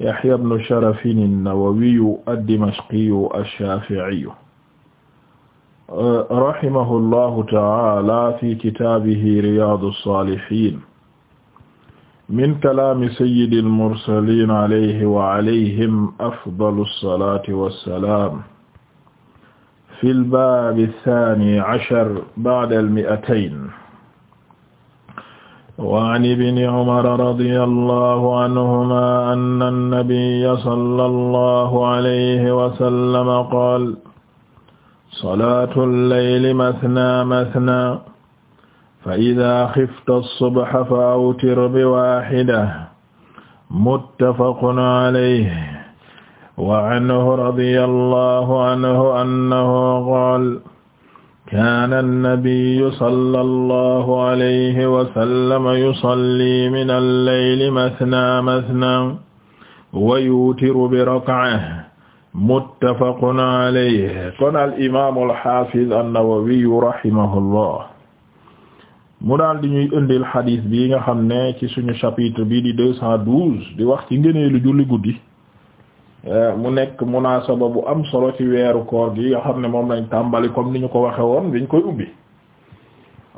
Yahya ibn Sharafin an-Nawawiyu ad-Dimashqiyu ash-Shafi'iyu uh, rahimahullahu ta'ala fi kitaabihi Riyaadu s-Saalihiin min kalaami sayyidil mursaliin alayhi wa alayhim afdalu s-salaati was-salaam fil baabi s-saani ashar ba'da al-mi'atayn وعن ابن عمر رضي الله عنهما أن النبي صلى الله عليه وسلم قال صلاة الليل مثنى مثنى فإذا خفت الصبح فأوتر بواحدة متفق عليه وعنه رضي الله عنه أنه قال kaana annabiyu sala allahu alayhi wasallama yusalli min alleyli matna matna wa yutiru bi raka'a muttafaqun alayhi kon al imaamu alxaafid annawawiyu rahimahullah mu daal di ñuy indil xadiis bii nga xam ne ci suñu chapitre bi di deux cent douze di wax ci ngëneelu julli guddi Euh, mu nekk munaasaba bu am solo ci weeru koor gi yoo xam ne moom lañ tàmbali comme ni ñu ko waxe woon biñ koy ubbi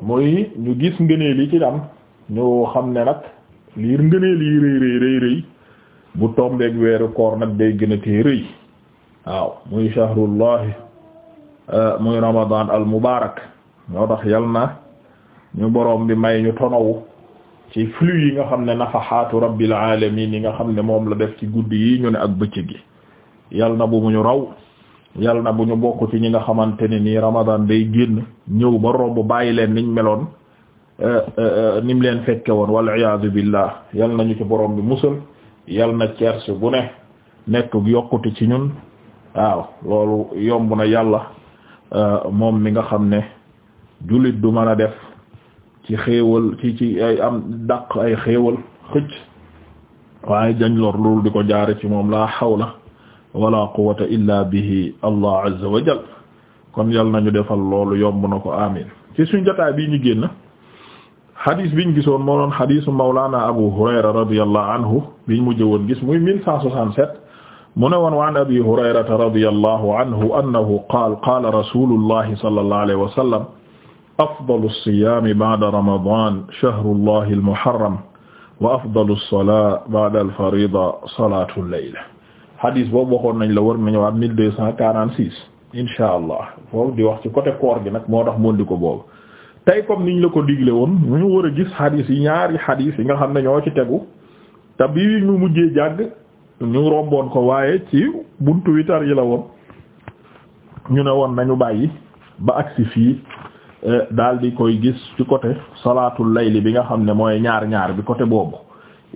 muy ñu gis ngëneel yi ci am ñu xam ne nag liir ngëneel yi rëy rëy rëy rëy bu tombeeg weeru koor nag day gën a tee rëy waaw muy shahrullahi euh, muy ramadan al mubarak ñoo tax yal na ñu borom bi may ñu tonawu ci flux yi nga xam ne nafaxaatu rabbil alamin yi nga xam ne moom la def ci guddi yi ñu ne ak bëccëg gi yal na bu mu ñu raw yal na bu ñu bokk ci ñi nga xamante ne nii ramadan day génn ñëw ba romb bàyyi leen niñ meloon eh, eh, eh, nim leen fekke woon wal iyaadu billah yal nañu ci borom bi musal yal na cerce bu ne nekk yokkute ci ñun waaw loolu yomb na yàlla moom mi nga xam ne julit du mën a def ci xéewal ci ci ay am daq ay xéewal xëcc waaye dañ lor loolu di ko jaare ci moom laa hawla wala quwwata illa bihi allah azza wa jal kon yal nañu defal loolu yomb na ko amin ci suñ jotaay bii ñu génn xadiis biñ gisoon moo doon xadiisu mawlana abu hurayra radiyallahu anhu biñ mujj woon gis muy 1167 mu ne woon wa an abi hurayrata radiyallahu anhu annahu qaal qaala rasulullahi sallallahu alayhi wa sallam afdalu siyaami ba'da ramadaan shahrullahi al-muharram wa afdalu salaa ba'da al-fariida salaatul layl hadis boobu waxoon nañ la war nañu waat mille deux cent quarante six inshaa allah foofu di wax ci côté koor gi nag moo tax moon di ko boobu tey comme niñ la ko digle woon ñu war a gis hadis yi ñaari hadis yi nga xam ne ñoo ci tegu te bii ñu mujjee jàgg ñu romboon ko waaye ci buntu witar yi la woon ñu ne woon nañu bàyyi ba agsi fii Eh, daal di koy gis ci côté salaatul layli bi nga xam ne mooy ñaar ñaar bi côté boobu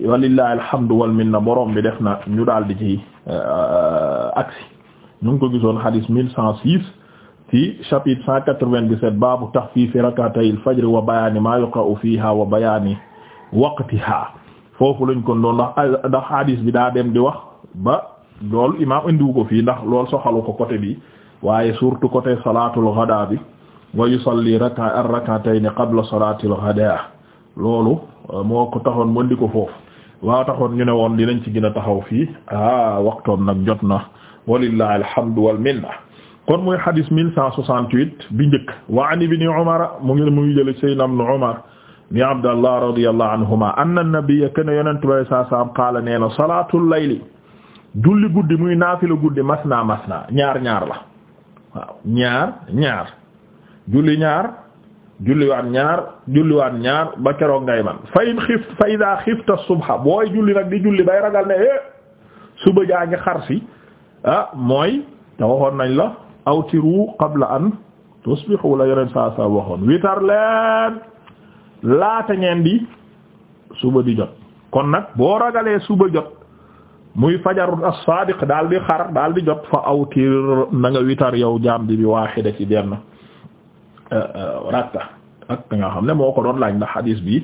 walillahi alhamdu wal na borom bi def na ñu daal di ci eh, aksi ñu ngi ko gisoon hadis mille cent six ci chapitre cent quatre tax dix fi baabu taxfiifi rakatayil fajri wa bayaani maa yuqra'u fiihaa wa bayaani waqtihaa foofu lañ kon doon ndax eh, ndax hadis bi daa dem di wax ba lool i ma indiwu ko fii ndax lool soxalu ko côté bi waaye surtout côté salaatul ghadaa bi wa yusalli raka ar rak'atayn qabla salaatil ghadaa loolu euh, moo ko taxoon mën di ko foofu waa taxoon ñu ne woon dinañ ci gën a taxaw fii ah waxtoon nag jot na walillahi alhamdu wal minna kon muy hadis mille cent soixante-huit bi njëkk wa an ibni umar mu ngi mu ngi jële sayyidina ibn umar ni abdallah radiyallahu anhuma anna nabiyya kana yonentu bay saa saam qaala nee na salaatul layli julli guddi muy naafila guddi masna masna ñaar ñaar la waaw ñaar ñaar julli ñaar julliwaat ñaar julliwaat ñaar ba keroog ngay man fa in xift fa ida xifta subha booy julli nag di julli bay ragal ne eh suba jaa ngi xar si ah mooy te waxoon nañ la awtiru qabla an tusbihu la yeneen saa saa waxoon witar leen laata ngeen di suba di jot kon nag boo ragalee suba jot muy fajarul as daal di xar daal di jot fa awtir na nga witar yow jaam bi bi waaxida ci benn Euh, euh, rakka ak nga xam ne moo ko doon laaj ndax hadis bi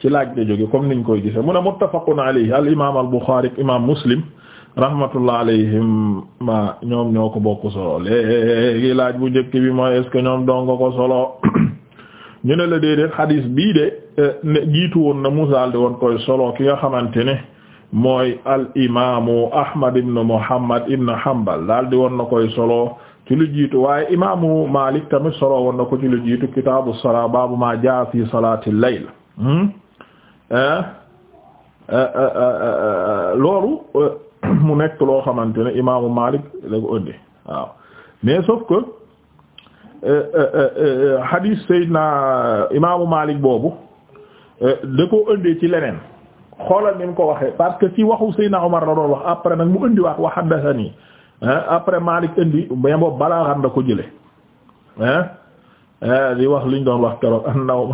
ci laaj de jóge comme niñ koy gise mu ne muttafaqun alayhi al imam al Bukhari imam Muslim rahmatullah alayhim ma ñoom ñoo ko bokk solo léegi laaj bu njëkk bi mooy est ñoom dong ko solo ñu ne la déedéet hadis bii de euh, ne jiitu woon na musaal woon koy solo ki nga xamante ne mooy al imaamu Ahmad ibn Muhammad ibn Hanbal daal di woon na koy solo ci lu jiitu waaye imaamu Malik tamit solo woon ko ci lu jiitu kitaabu salaa baabu ma jaa fi salaati layl hmm? eh? Eh, eh, loolu mu nekk loo xamante ne imaamu Malik la ko ëndi waaw mais sauf que hadith Seydina imaamu Malik boobu da ko ëndee ci leneen xoolal ni mu ko waxee parce que ci waxu Seydina Omar la doon wax après nag mu ëndiwaat wa haddathani après Malik indi mais boobu balaa xam da ko jële eh, di wax liñ doon wax keroog an naw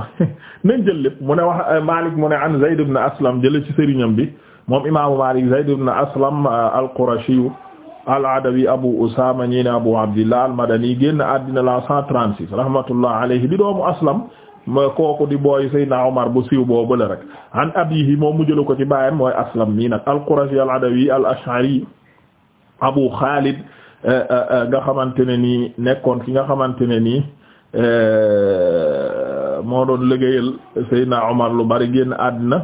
nañ jël lépp mu ne wax eh, Malik mu ne an Zayd ibn Aslam jële ci sëriñam bi moom imaamu Malik Zayd ibn Aslam eh, al-Qurashi al-Adawi Abu Usama ñi ne Abu Abdillah al-Madani génn àddina la 136 rahmatullah alayhi di doomu Aslam ma kooku di booy Seydina Omar bu siiw boo la rek an abihi moom mu jële ko ci baayam mooy Aslam mii nag al-Qurashi al-Adawi Abu Khalid eh, eh, eh, nga xamante ne nii nekkoon ki nga xamante ne nii moo doon liggéeyal Seydina Omar lu bari génn àddina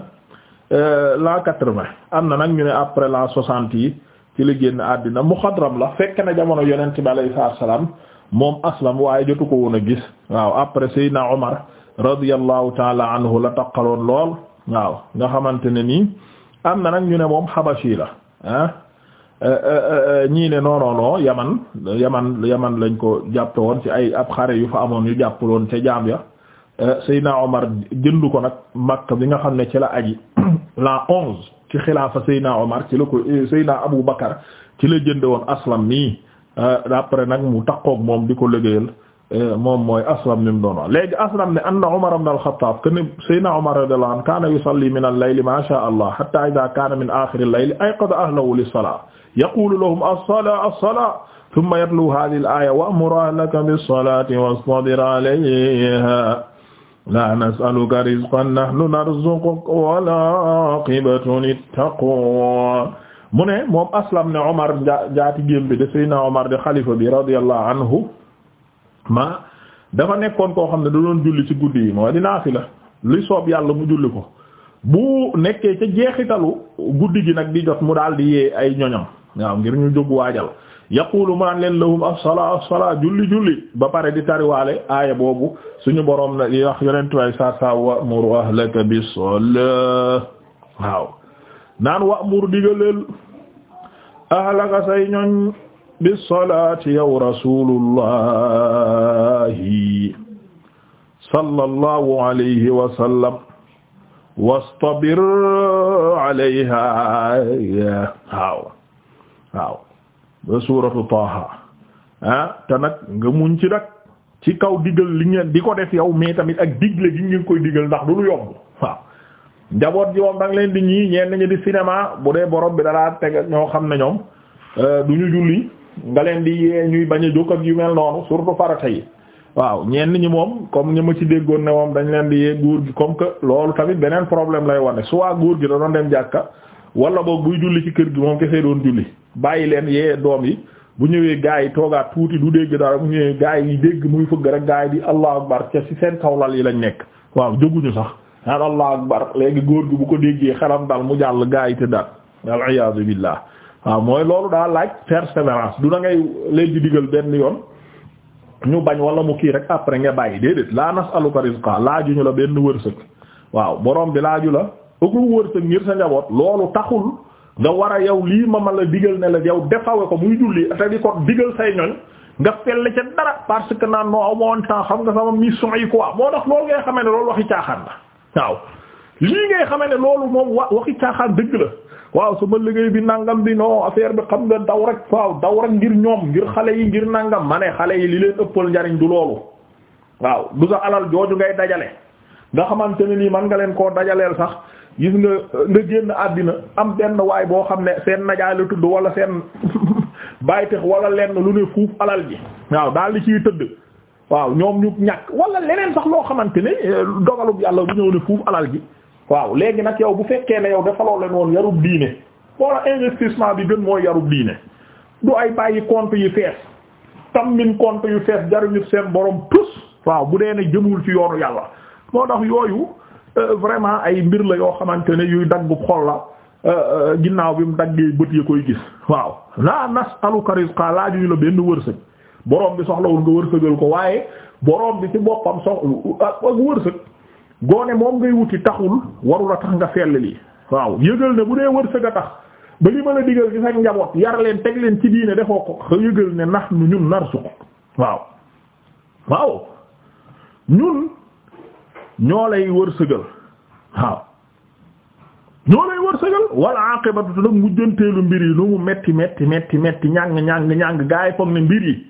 l'an quatre-vingt am na nag ñu ne après l'an soixante yi ci la génn àddina muxadram la fekk na jamono yonent bi alayhi salaam moom aslam waaye jotu ko woon a gis waaw après Seydina Omar radiyallahu taala anhu la taqaloon lool waaw nga xamante ne nii am na nag ñu ne moom xabashi la ah Euh, euh, euh, ñii ne non non non yaman yaman yaman lañ ko jàppe woon ci ay ab xare yu fa amoon yu jàppaloon ca jaam ya Seydina Omar jëndu ko nag Makka bi nga xam ne ci la aji la onze ci xilaafa Seydina Omar ci la ko Seydina Abu Bakar ci la jënde woon aslam nii après nag mu takkook moom di ko liggéeyal moom mooy aslam mi mu doon wax léegi aslam ne anna Umar ibn al-Khattab kana Seydina Umar radiyallahu anhu kana yusalli min al-layli ma sha Allah hatta idha kana min akhir al yaqulu lahum as-salaa as-salaa thumma yatlu haadhihi al-aaya wa'mur ahlaka bis-salaati wastabir 'alayhaa laa nas'aluka rizqan nahnu narzuquka wal 'aaqibatu lit-taqwaa mu ne moom aslam ne Omar jaati géem bi de Seydina Omar de xalifa bi radiyallahu anhu ma dafa nekkoon koo xam ne da doon julli ci guddi yi mooy di naafila li soob yàlla mu julli ko bu nekkee ca jeexitalu guddi gi nag di jot mu daal di yee ay ñoñam waaw ngir ñu jóg waajal yaqulu mu naan leen lahum julli julli ba pare di tariwaale aaya boobu suñu borom na wax yonentu way sa sa wa'mur ahlaka bis-salaa waaw naan wa'mur digaleel ahlaka say ñoñ bis-salaati yow rasulullahi sallallahu alayhi wa sallam wastabir alayha waaw ba suuratu Taaha ah te nag nga muñ ci nag ci kaw digal li ngeen di ko def yow mais tamit ak digle gi ngeen koy digal ndax du lu yomb waaw njaboot ji moom da leen di ñii ñeen ñi di cinéma bu dee borom bi dalaa teg ak ñoo xam ne ñoom euh, du ñu julli nga leen di yee ñuy bañ a jóg ak yu mel noonu surtout farata yi waaw ñenn ñi moom comme ñi ma ci déggoon ne moom dañ leen di yee góor gi comme que loolu tamit beneen problème lay wane soit góor gi da doon dem jàkka wala boog buy julli ci kër gi moom kese doon julli bàyyi leen yee doom yi bu ñëwee gaa yi toogaat tuuti du dégg dara bu ñëwee gaa yi dégg muy fëgg rek gaa yi di allah akbar ca ci seen kawlal yi lañ nekk waaw jóguñu sax naan allah akbar léegi góor gi bu ko déggee xelam dal mu jàll gaa yi te daal al iyaazu billah waaw mooy loolu daa laaj persévérance du da ngay leen di digal benn yoon ñu bañ wala mu kii rek après nga bàyyi déedéet laa nasaluka rizqa laaju ñu la benn wërsëg waaw borom bi laaju la ëgul wërsëg ngir sa njaboot loolu taxul nga war a yow lii ma ma la digal ne la yaw defawe ko muy julli te di ko digal say ñoñ nga fell ca dara parce que naan noo amoon temps xam nga sama mission yi quoi moo tax loolu ngay xamee ne loolu waxi caaxaan ne loolu moom wa waxi caaxaan dëgg la waaw sama liggéey bi nangam bi non affaire bi xam nga daw rek waaw daw rek ngir ñoom ngir xale yi ngir nangam ma ne xale yi li leen ëppal njariñ du loolu waaw du sa alal jooju ngay dajale nga leen koo dajaleel sax gis nga nga génn àddina am benn waay boo xam ne seen najaay la tudd wala seen baytex wala lenn lu ne fuuf alal ji waaw daal di ciy tëdd waaw ñoom ñu ñàkk wala leneen sax loo xamante ne eh, dogalub yàlla bu ñëw ne fuuf alal ji waaw léegi nag yow bu fekkee ne yow dafa loo leen woon yarub diine wala bi gën mooy yarub diine du ay bàyyi compte yu fees tammin compte yu fees jaruñu seen borom tous waaw bu dee ne jëmul ci yoonu yàlla moo tax yooyu Euh, vraiment ay mbir la yoo xamante ne yuy daggu xol la euh, euh, ginnaaw bi mu daggee bët ya koy gis waaw naa la nas'aluka rizqa laajuñu la benn wërsëg boroom bi soxlawul nga wërsëgal ko waaye borom bi ci boppam soxla ak wërsëg goone moom ngay wuti taxul warula tax nga fell lii waaw yëgal ne bu dee wërsëg a tax ba li mën a digal ci sa njaboot yar leen teg leen ci diine defoo ko xa yëgal ne nax nu ñun narsuq waaw waaw ñun ñoo lay wërsëgal waaw ñoo lay wërsëgal wal aqibatu nag mujjanteelu mbir yi lu mu metti metti metti metti ñàng ñàng ñàng gaa foog ne mbir yi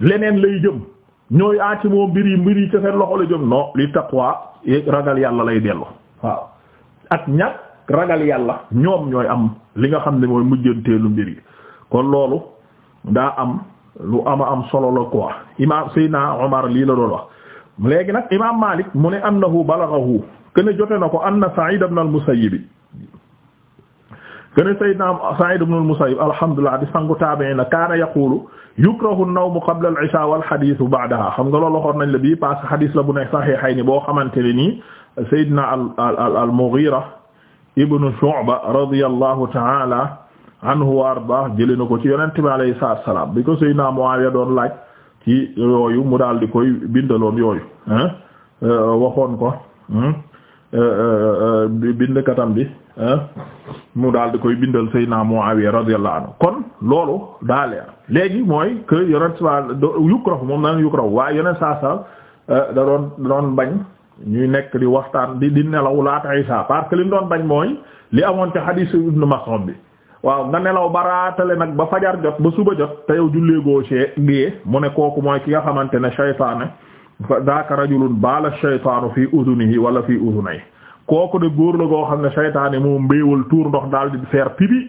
leneen lay jëm ñooy aati moo mbir yi mbir yi ca seen loxo la jëm non li taqwa ragal yàlla lay dellu waaw ak ñàkk ragal yàlla ñoom ñooy am li nga xam ne mooy mujjanteelu mbir yi kon loolu daa am lu ama am solo la quoi imaam Seydina Omar lii la doon wax léegi nag imaam Maalik mu ne annahu balaghahu kene jote na ko anna Sa'id ibn al-Musayyib kene sayyidna Sa'id ibn al-Musayyib alhamdulillah di sangu taabi'iin la kaana yaqulu yukrahu an-nawmu qabla al-'isha wal hadithu ba'daha xam nga loolu waxoon nañ la bii parce que hadith la bu nekk sahihayni boo xamante ne nii sayyidna al al-Mughira ibn Shu'ba radiyallahu ta'ala anhu wa ardaah jëlee na ko ci Yonent bi alayhi salaam bi ko sayyidna Muawiya doon laaj ci yooyu mu daal di koy bindaloon yooyu euh, waxoon ko euh, euh, bindkatam bi mu daal di koy bindal Seydina Muawiya radiyallahu anhu kon loolu daa léegi mooy que yonent saa yukrahu moom na yukrahu waaye yonent saa saa da doon bañ ñuy nekk di waxtaan di di nelaw laata isaa parce que li doon bañ mooy li amoon ci hadith Ibn Mas'ud bi waaw nga nelaw ba raatale nag ba fajar jot ba suba jot te yow julleegoo see gée mu ne kooku mooy ki nga xamante ne shaytaane daaka rajulun baala shaytaanu fi udunihi wala fi udunay kooku de góor la goo xam ne shaytaane moo mbéewal tuur ndox daal di faire pipi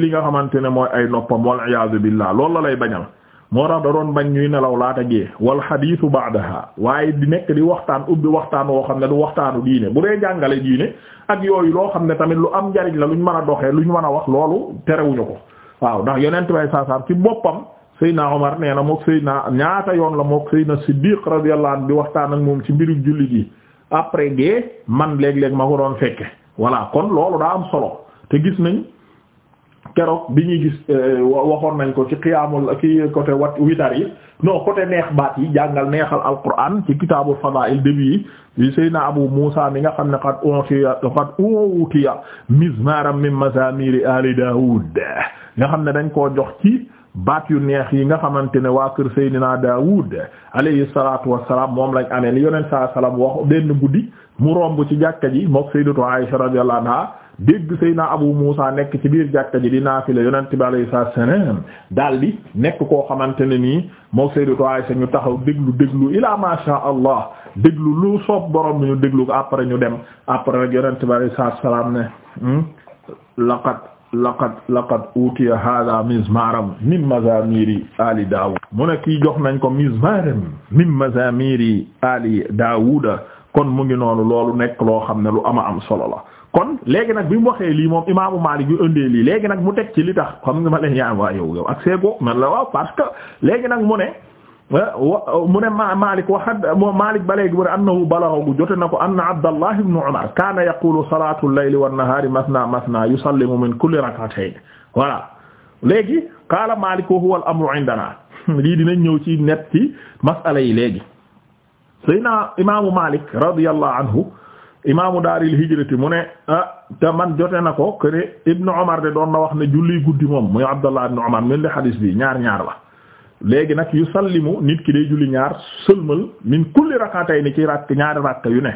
li nga xamante ne mooy ay noppam wal iyaazu billah loolu la lay bañal moo tax da doon bañ ñuy nelaw laata gée wal xadiisu ba'daha waaye di nekk di waxtaan ubbi waxtaan woo xam ne du waxtaanu diine bu dee jàngale diine ak yooyu loo xam ne tamit lu am njariñ la lu luñ man a doxee lu ñu mën a wax loolu terewuñu ko waaw ndax yonent bay saasaam ci boppam Seydina Omar nee na moo mook naa ñaata yoon la moo mook Seydina Siddiq radiyallahu anhu bi waxtaan ak moom ci mbiru jullit yi après gée man léeg-léeg ma ko doon fekke voilà kon loolu daa am solo te gis nañ. keroog bi ñuy gis euh, waxoon nañ ko ci xiyaamul ci côté wat witar yi non côté neex baat yi jàngal neexal alquran ci kitaabul fadaa'il début yi sayna abu musa mi nga xam ne qad utiya qad utiya mi min mazamiri ali daawud nga xam ne dañ ko jox ci baat yu neex yi nga xamante ne waa kër seydina daawud alayhi salatu wassalam moom lañ amee li yonent saa salaam wax benn guddi mu romb ci jàkka ji mook sayyidatu aisha radiyallahu anha dégg Seydina Abu Muusa nekk ci biir jàkka ji di naafila yonent bi alayhi salaam daal di nekk koo xamante ne nii moo Sayyidatu Aysa ñu taxaw déglu déglu ilaa ma sha déglu lu soob borom bi ñu déglu ko après ñu dem après rek yonent bi alayhi salaam ne hmm, laqad laqad laqad utiya hada mizmaram min mazamiri ali Daawud mu ne kii jox nañ ko mizmaram min mazamiri ali Daawuda kon mu ngi noonu loolu nekk loo xam ne lu ama am solo la kon léegi nag bi mu waxee lii moom imaamu Maalik yu ëndee lii léegi nag mu tek ci li tax xam nga ma leen yaa waa yow yow ak man la waaw parce que léegi nag mu ne mu ne ma Maalik waxad moom Maalik ba léegi mu ne annahu balaghahu jote na ko anna Abdallah ibn Umar kaana yaqulu salaatu al-layli wan-nahaari mathnaa mathnaa yusallimu min kulli rak'atayn voilà léegi qaala Maalik wa huwa al-amru indanaa lii dinañ ñëw ci net ci masala yi léegi Seydina imaamu Maalik radiyallahu anhu imaamu daaril hijrati mu ne ah te man jote na ko que ne Omar de doon na wax na julli guddi moom muy Abdallah Ibn Omar mel ni xadis bi ñaar ñaar la. léegi nag yu sallimu nit ki day julli ñaar sëlmal min kulli rakatay ci rakk ñaari rakk yu ne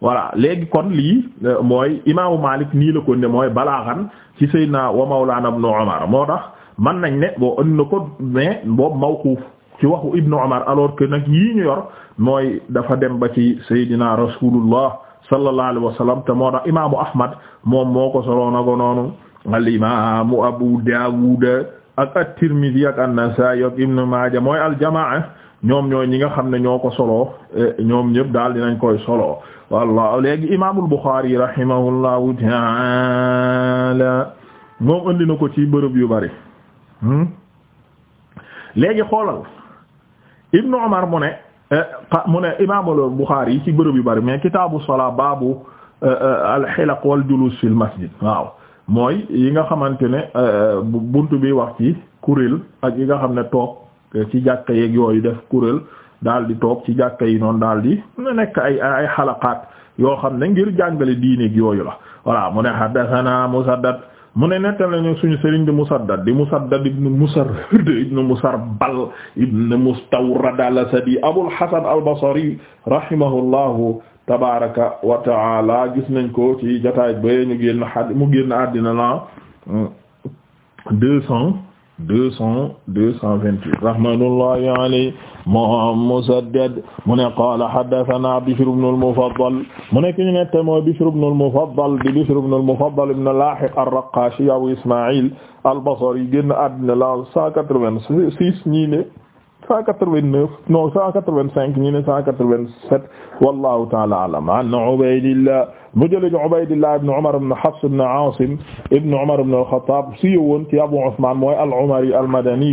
voilà léegi kon lii euh, mooy imaamu Malik nii la ko ne mooy balaaxan ci Seydina wa Mawlana Ibn Omar moo tax mën nañ ne boo ënd na ko mais boobu mawquuf ci waxu Ibn Omar alors que nag yii ñu yor mooy dafa dem ba ci Seydina Rasulullah solo alayhi wa te moo imaamu Ahmad moom moo ko solo na ko noonu al imaamu Abu Dawud ak at-Tirmidhi ak an ak Ibn Maaja mooy al-jamaa ñoom ñooy ñi nga xam ne ñoo ko solo ñoom ñëpp daal dinañ koy solo wallah léegi imaamul Bukhari rahimahullahu ta'ala moom andi na ko ci bërëb yu bari hmm? léegi xoolal Ibn Umar mu ne. mu ne imaamul Buxaari yi ci bërëb yu bari mais kitaabu salaa baabu euh, euh, alxilaq wal julus fil masjid waaw mooy yi nga xamante ne euh, bunt bi wax ci kuréel ak yi nga xam ne toog ci jàkka yeeg yooyu def kuréel daal di toog ci jàkka yi noonu daal di nekk ay ay xalaqaat yoo xam ne ngir jàngale diineeg yooyu la voilà mu ne haddasanaa Musaddad mu ne nettal nañu suñu sëriñ di Musaddad di Musaddad ibn Musarhad ibn al-Asadi Abul Hasan al-Basri rahimahullahu tabaraka wa taala gis nañ ko ci jotaay la euh, deux cent deux cent vingt-huit rahmatullahi alayhi moom Musaddad mu ne qaala haddathana Bishr ibn al-Mufaddal mu nekk ñu nette mooy Bishr ibn al-Mufaddal di Bishr ibn al-Mufaddal ibn Lahiq ar-Raqashi Abu Isma'il al-Basri génn àddina la cent quatre-vingt-six ñii ne cent quatre-vingt-neuf non cent quatre-vingt-cinq ñii ne cent quatre-vingt-sept wallahu ta'ala a'lam an Ubaydillah mu jëlee ci Ubaydillah ibn Umar ibn Hafs ibn Aasim ibn Umar ibn al-Khattab si yowoon ci Abu Usman mooy al-Umari al-Madani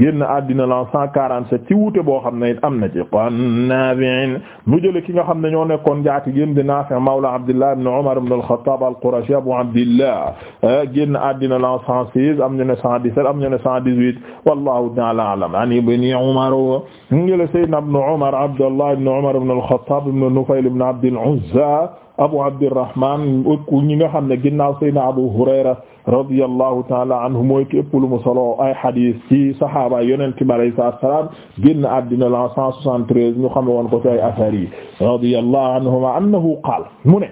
génn àddina la 147 ci wuute boo xam ne it am na ci kon Naafi' mu jëlee ki nga xam ne ñoo nekkoon jaati génn di Naafi' mawla Abdillah ibn Umar ibn al-Khattab al-Qurashi Abu Abdillah génn àddina la 116 am ñu ne 117 am ñu ne 118 wallahu ta'ala a'lam an ibn Umar mu jëlee Sayyidina ibn Umar Abdullah ibn Umar ibn al-Khattab ibn Nufayl ibn Abd al-Uzza abu abdirrahman ëkku ñi nga xam ne ginnaaw saydna abu taala anhu mooy képp lu mu solo ay hadith ci sahaaba yonente bi alayhi salaam génn àddina la 173 ñu xam woon ko ci ay asar yi radiyallahu anhuma annahu qaala mu ne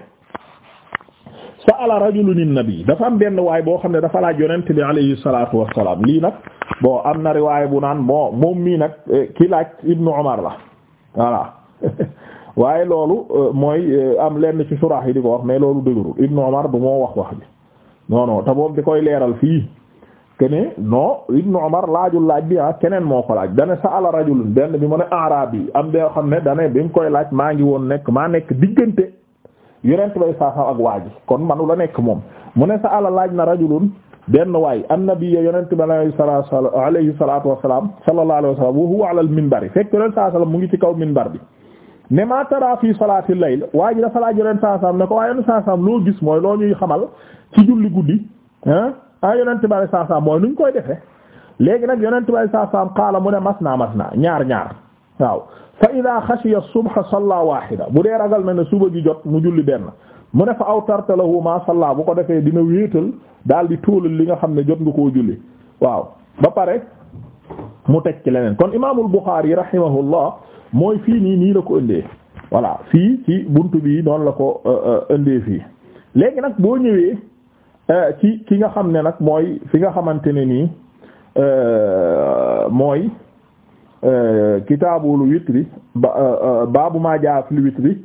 sa'ala rajulun an-nabi dafa am benn waay boo xam ne dafa laaj yonente bi alayhi salatu wassalam na bu naan bon moom mii nag eh, ki laaj ibnu la waaye loolu euh, mooy euh, am lenn ci suraax yi di ko wax mais loolu dëgërul Ibn Umar du moo wax wax bi non te moom di koy leeral fii que ne non Ibn Umar laajul laaj bi ah keneen moo ko laaj dane sa ala rajulun benn bi mu ne araab yi am boo xam ne dane bi mu koy laaj maa ngi woon nekk maa nekk diggante yonent bay saasam ak waa ji kon manu la nekk moom mu ne sa ala laaj na rajulun benn waay annabi yonent bi alayhi salaatu alayhi salaatu wa salaam sallallahu alayhi wa sallam wa huwa ala al minbar fekk yonent saa mu ngi ci kaw minbar bi ne ma tara fi salaatil layl waa ji dafa laaj saa saam ne ko waa yonent saa saam loo gis mooy loo ñuy xamal ci julli guddi ah ah yonent bi mooy nuñ koy defee léegi nag yonent bi saa saam qaala mu ne mas naa mas naa ñaar ñaar waaw fa idaa xashiya subha salla waahida bu dee ragal na ne suba gi jot mu julli benn mu ne fa awtarta lahu ma bu ko defee dina wéetal daal di tóolal li nga xam ne jot nga koo julli waaw ba pare mu teg ci leneen kon imaamul Buxaari rahimahullah mooy fii nii nii la ko indee voilà fii ci bunt bi noonu la ko euh, euh, indee fii léegi nag boo ñëwee euh, ci ki nga xam ne nag mooy fi nga xamante ne nii mooy kitaabul witri baabu maa jaa fil witri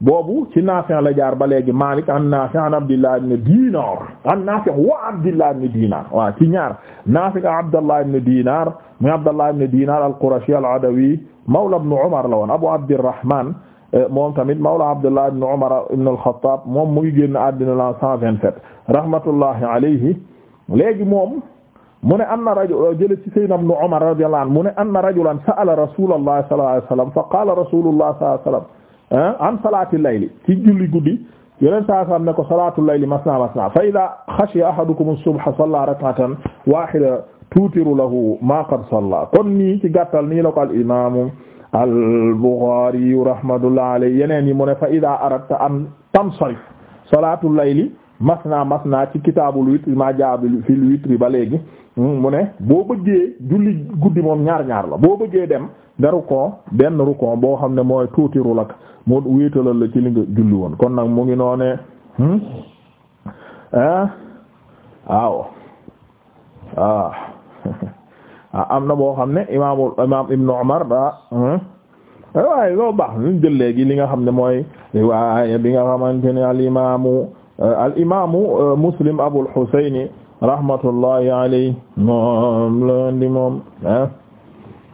boobu ci Naafi' la jaar ba léegi Maalik an Naafi' an Abdullah ibn Dinar an Naafi' wa Abdullah ibn Dinar waaw ci ñaar Naafi' Abdullah ibn Dinar mu Abdullah ibn Dinar al-Qurashi al-Adawi mawla ibn Umar la woon Abu Abdurrahman eh, moom tamit mawla Abdullah ibn Umar ibn al-Khattab moom mu ngi génn àddina la 127 rahmatullahi alayhi léegi moom mu ne anna rajulan euh, jële ci sayyidina ibn Umar radiyallahu anhu mu ne anna rajulan sa'ala Rasulullah sallallahu alayhi wasallam fa qala Rasulullah sallallahu alayhi wasallam an salaati layli ci julli guddi yeneen saa saam ne ko salaatu layli masna masna fa ida xashiya ahadukum subha salla rak'atan wahida tuutiru lahu ma qad salla kon nii ci gàttal nii la ko al imaamu al Buxaari rahmatullahi alayhi yeneen yi mu ne fa ida aradta an tansarif salaatu layli masna masna ci kitaabul witr ma jaa fil witri ba léegi mu ne boo bëggee julli guddi moom ñaar ñaar la boo bëggee dem nga rukon benn rukon boo xam ne mooy tuuti rulak mu wéetalal ci li nga julli woon kon nag mu ngi noonee hmm? ah waaw ah am na boo xam ne imaamul imaam Ibn Umar daa hmm? eh, waaye loolu baax jël léegi li nga xam ne mooy waaye bi nga xamante ne al imaamu eh, al eh, Muslim Abul Husayn rahmatullahi alayhi moom la di moom ah.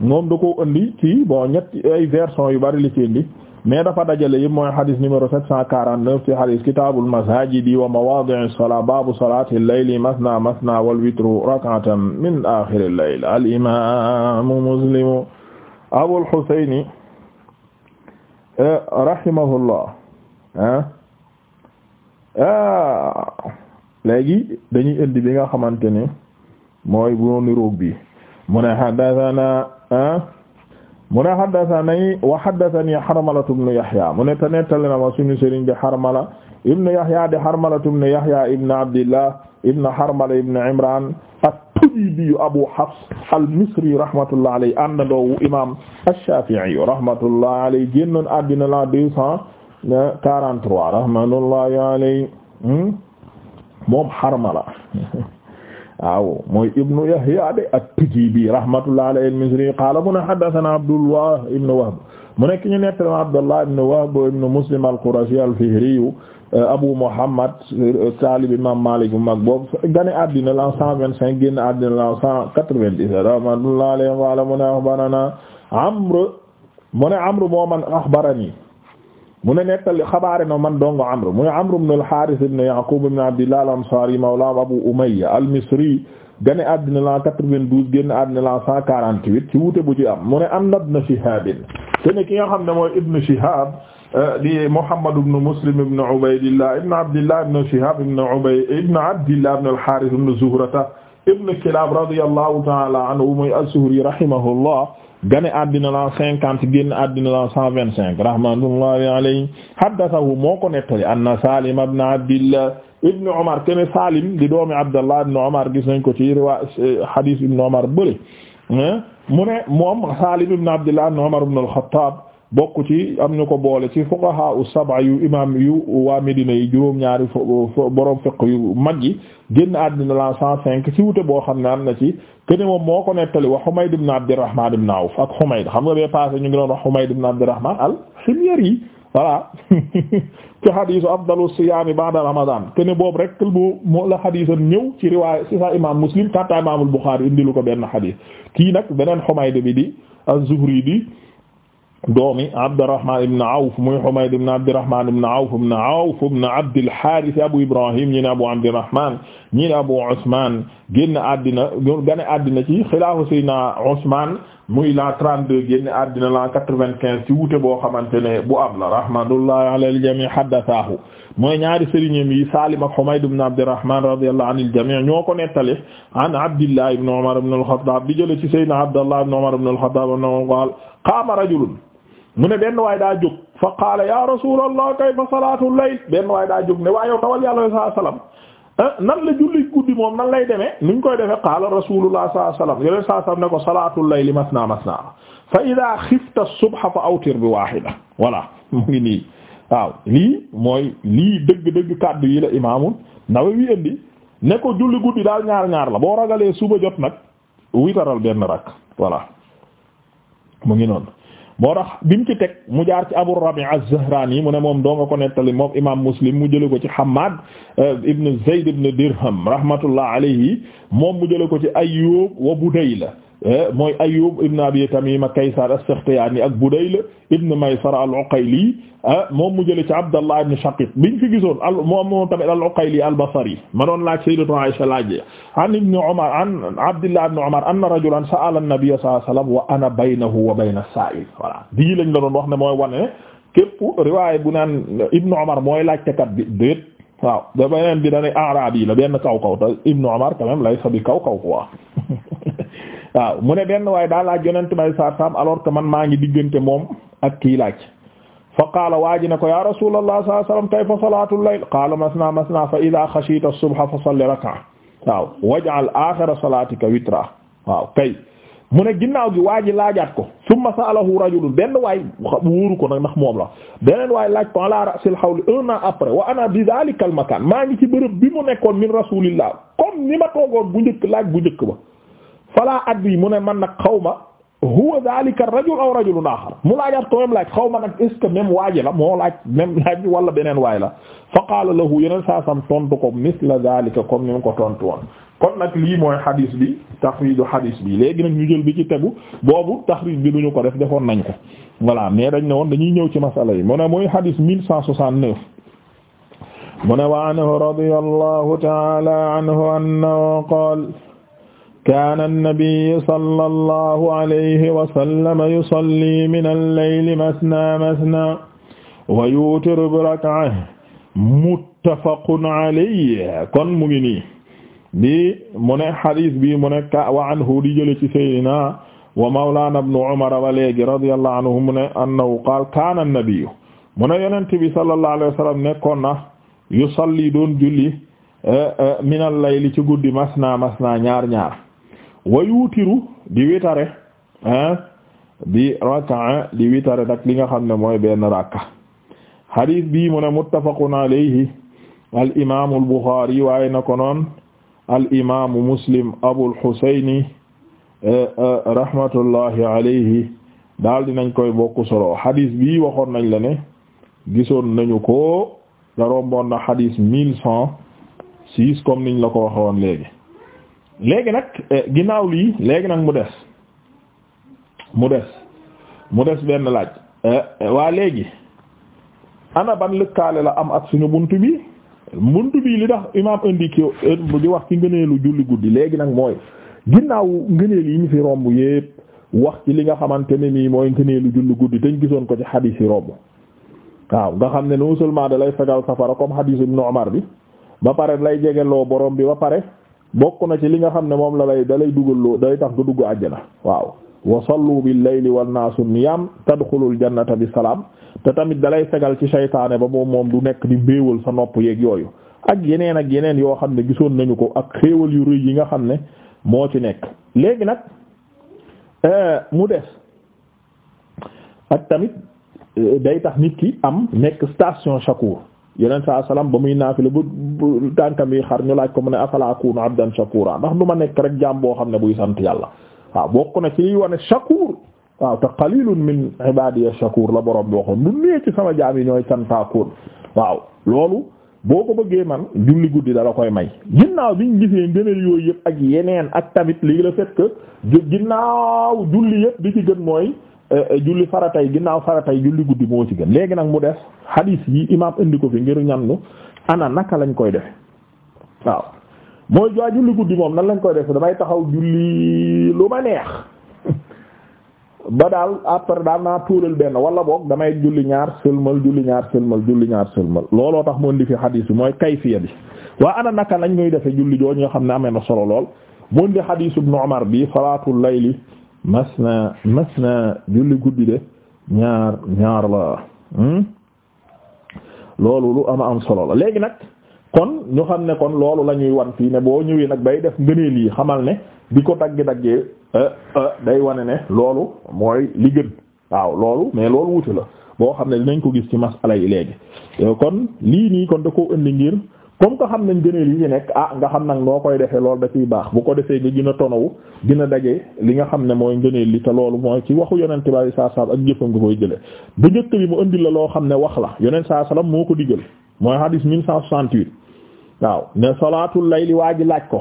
moom da koo indi ci bon ñetti ay version yu bari li ci indi mais dafa dajale yëpp mooy hadis numéro 749 ci hadis kitaabul masaajidi wa mawaadi'is salaa baabu salaatil layli masna masna wal witru rak'atan min aaxiril layl al imaamu muslimu abul xusayni rahimahullah ah, ah, léegi dañuy indi bi nga xamante ne mooy bu niroog bi mu ne mu ne haddathani wa haddathani Harmala ibn Yahya mu ne te nettali na ma suñu sëriñ bi Harmala ibn Yahya di Harmala ibn Yahya ibn Abdillah ibn Harmala ibn Imran at-Tujibi Abu Hafs al-Misri rahmatullah alayhi àndandoowu imam ash-Shafi'i rahmatullah alayhi génnoon àddina la deux cent quarante-trois rahmatullahi alayhi hmm? moom Harmala waaw mooy ibnu yahya de at-tujibi rahmatullah alayhi al-misri qaala mu ne haddathana abdullah ibnu wahb mu nekk ñu nettali abdullah ibnu wahb ibnu muslim al-qurashi al-fihri euh, abu muhammad euh, taalib imam malik bu mag boobu gane addina la cent vingt-cinq génn addina la cent quatre-vingt-dix-sept rahmatullah alayhi mu ne axbarana amr mu ne amr moo man axbarani mu ne nettali xabaare na man dong Amr muy Amr ibn al-Harith ibn Yaqub ibn Abdillah al-Ansari mawla Abu Umayya al-Misri gane àddina la 92 génn àddina la 148 ci wuute bu ci am mu ne am na ibn Shihab te ne ki nga xam ne mooy ibn Shihab euh, di Muhammad ibn Muslim ibn Ubaydillah ibn Abdillah ibn Shihab ibn Ubay ibn Abdillah ibn al-Harith ibn Zuhrata ibn Kilab radiyallahu ta'ala anhu muy az-Zuhri rahimahullah gane addina la cinquante génn addina la cent vingt cinq rahmatullahi alayhi haddathahu moo ko nettali anna Salim ibn Abdillah ibn Umar kene Salim di doomi Abdallah ibn Umar gis nañ ko ci riwa hadith ibn Umar bële mu ne moom Salim ibn Abdillah ibn Umar ibn al-Khattab bokk ci am ñu ko boole ci fuqaha u sab'a yu imam yu waa Medina yi juróom-ñaari borom fiq yu mag yi génn àddina laa cent cinq ci wute boo xam ne am na ci kene moom moo ko nettali wa Humayd ibn Abdurrahman ibn Awf ak Humayd xam nga bee passé ñu ngi doon wax Humayd ibn Abdurrahman al-Himyari voilà ci xadiisu afdalu siyaami ba'da Ramadan kene boobu rek bu moo la xadiisam ñëw ci riwaaya ci sa imam Muslim kanta imamul Bukhari indilu ko benn xadiis kii nag beneen Humayd bi doomi Abdurrahman ibn Awf muy Humayd ibn Abdurrahman ibn Awf ibn Awf ibn Abdul Harith Abu Ibrahim ñi ne Abu Abdurrahman ñi ne Abu Usman génn àddina gane àddina ci xilaafu Sayyidina Usman muy la 32 génn àddina la 95 ci wuute boo xamante ne bu am la rahmatullahi ala al-jami' haddathahu mooy ñaari sëriñam yi Salim ak Humayd ibn Abdurrahman radiyallahu anil jami' ñoo ko nettali an Abdillah ibn Umar ibn al-Khattab bi jële ci Sayyidina Abdallah ibn Umar ibn al-Khattab annahu qaala qaama rajulun mu ne benn waay daa jóg fa qaala ya rasulallah kayfa salaatu layl benn waay daa jóg ne waa yow tawal yàlla sallallahu alayhi wasallam eh, nan la julli guddi moom nan lay demee nuñ koy defee qaala rasulullah sallallahu alayhi ne ko salaatul layli masna masna fa ida xifta subha fa awtir bi wahida voilà mu ngi nii waaw lii mooy lii dëgg-dëgg kàddu yi la imaamul Nawawi indi ne ko julli guddi daal ñaar-ñaar la boo ragalee suba jot nag witaral benn rak voilà mu ngi noonu moo tax bi mu ci teg mu jaar ci Abu Rabi' az-Zahrani mu ne moom doo nga ko nettali moom imam Muslim mu jële ko ci Hammad euh, ibn Zayd ibn Dirham rahmatullah alayhi moom mu jële ko ci Ayyub wa Budayla Eh, mooy Ayyub ibn Abi Tamima Kaysar as-Sakhtiyani ak Budayl ibn Maysara al-Uqayli eh, moom mu jële ci Abdallah ibn Shaqiq biñ fi gisoon al moom moom tamit al-Uqayli al-Basri ma doon laaj Sayyidatu Aisha laaj an ibn Umar an Abdillah ibn Umar an-nabiy sallallahu alayhi wa sallam wa ana baynahu wa bayna as-sa'il voilà di lañ la doon wax ne mooy wane képp riwaay bu naan ibn Umar mooy laajtekat bi déet waaw da beneen bi dane Arabi la benn kaw kaw te ibn Umar quand même bi kaw kaw quoi waaw mu ne benn waaye daa laaj yonent may saar saam alors que man maa ngi diggante moom ak kii laaj fa qaala waaji ne ko ya rasulallah sallallahu alayhi wasallam kayfa salaatul layl qaala masna masna fa idha khashita as-subha fa salli rak'a waaw waj'al akhira salatika witra waaw kay mu ne ginnaaw gi waa ji laajaat ko summa sa'alahu rajulun benn waay wóoru ko nag ndax moom la beneen waay laaj ko ala ra'sil hawl un an après wa ana bi dhalika al makan maa ngi ci bërëb bi mu nekkoon min rasulillah comme ni ma toogoon bu njëkk laaj bu njëkk ba fala adri mu ne man nag xaw ma huwa dhalika rajul aw rajulun akhar mu laajaat ko même laaj xaw ma nag est ce que même waaji la moo laaj même laaj bi wala beneen waay la fa qaala lahu yeneen saasam tontu ko misla dhalika comme ni mu ko tontu woon kon nag lii mooy xadis bi taxriju xadis bi léegi nag ñu jël bi ci tegu boobu taxrij bi duñu ko def defoon nañ ko voilà mais dañ ne woon dañuy ñëw ci masala yi mu ne mooy xadis mille cent soixante-neuf mu ne wa anhu radiyallahu ta'ala kaana annabiyu salla allahu alayhi wa sallam yusalli min al-layli masna masna wa yutiru bi rak'atin muttafaqun alayhi kon mu ngi nii di mu ne xadis bi mu ne ka wa anhu di jële ci sayyidina wa mawlaana ibnu Umar wa léegi radiyallahu anhu mu ne annahu qaala kaana annabiyu mu ne yonent bi sallallahu alayhi wa sallam nekkoon na yusalli doon julli eh, eh, min al-layli ci guddi masna masna ñaar ñaar wa yuutiru di witare ah di witare nag li nga xam ne mooy benn rakka hadis bi mu ne muttafaqun alayhi al imaamu al buxaari waaye na ko noon al imaamu muslim abul xusayni rahmatullahi alayhi daal dinañ koy bokku solo hadis bi waxoon nañ la ne gisoon nañu ko da romboon na hadis mille comme niñ la ko waxoon léegi. léegi nag eh, ginnaaw lii léegi nag mu des mu des mu des benn laaj eh, eh, waa léegi ana ban lëkkaale la am ak suñu bunt bi buntu bii li tax imaam indi ki di wax ci ngëneelu julli guddi léegi nag mooy ginnaaw ngëneel yi ñu fi romb yépp wax ci li nga xamante ne nii mooy ngëneelu julli guddi te ñu gisoon ko ci xadiis yi romb waaw nga xam ne non seulement da lay fegal safara comme xadiis Ibnu bi ba pare lay jegeloo borom bi ba pare bokk na ci li nga xam ne moom la lay dalay lay dugal da lay tax nga dugg àjjana waaw wa sallu bil layli wan naasu niyaam tadxulul jannata bi salaam te tamit da lay fegal ci saytaane ba moom moom du nekk di béewal sa nopp yeeg yooyu ak yeneen ak yeneen yoo xam ne gisoon nañu ko ak xéewal yu rëy yi nga xam ne moo ci nekk léegi nag euh, mu des ak tamit euh, day tax nit ki am nekk station Shakur yeneen saa salaam ba muy naafila bu tànkam yi xar ñu laaj ko mu ne afala akunu abdan shakura ndax du ma nekk rek jaam boo xam ne buy sant yàlla waaw bokk na ci liy wane shakur waaw te qalilun min ibadiya shakur la borom bi waxoon lu nee ci sama jaam yi ñooy santaakoon waaw loolu boo ko bëggee man julli guddi dala koy may ginnaaw biñ ñu gisee ngëneel yooyu yëpp ak yeneen ak tamit lii la fait que ginnaaw julli yëpp bi ci gën mooy Eh, eh, julli faratay ginnaaw faratay julli guddi moo ci gën léegi nag mu def hadis yi imaam indi ko fi ngir ñannu ana naka lañ koy defe waaw mooy jaa julli guddi moom nan lañ koy defe damay taxaw julli lu ma neex ba daal après daal naa tuulal benn wala boog damay julli ñaar sëlmal julli ñaar sëlmal julli ñaar sëlmal looloo tax mu indi fi hadis bi mooy kayfiya bi waa ana naka lañ koy defe julli jooju nga xam ne amee na solo lool mu indi hadis ibn bi salaatul layli na masna na julli guddi de ñaar ñaar la hmm? loolu lu ama am solo la léegi nag kon ñu xam ne kon loolu la ñuy wan fii ne boo ñëwee nag bay def ngëneel yi xamal ne di ko dagg-daggee eh, eh, day wane ne loolu mooy li gën waaw loolu mais loolu wuti la boo xam ne dinañ ko gis ci masala yi léegi kon lii nii kon da koo indi ngir comme ko xam nañ gëneel yi ci nekk ah nga xam nag noo koy defee loolu da ciy baax bu ko defee nga gën a tonawu gën a daje li nga xam ne mooy ngëneel li te loolu mooy ci waxu yonent bi saa salam ak jëfam nga koy jëlee bu njëkk bi mu indi la loo xam ne wax la yonent saa salam moo ko digal mooy hadis 1168 waaw ne salaatul li waa ji laaj ko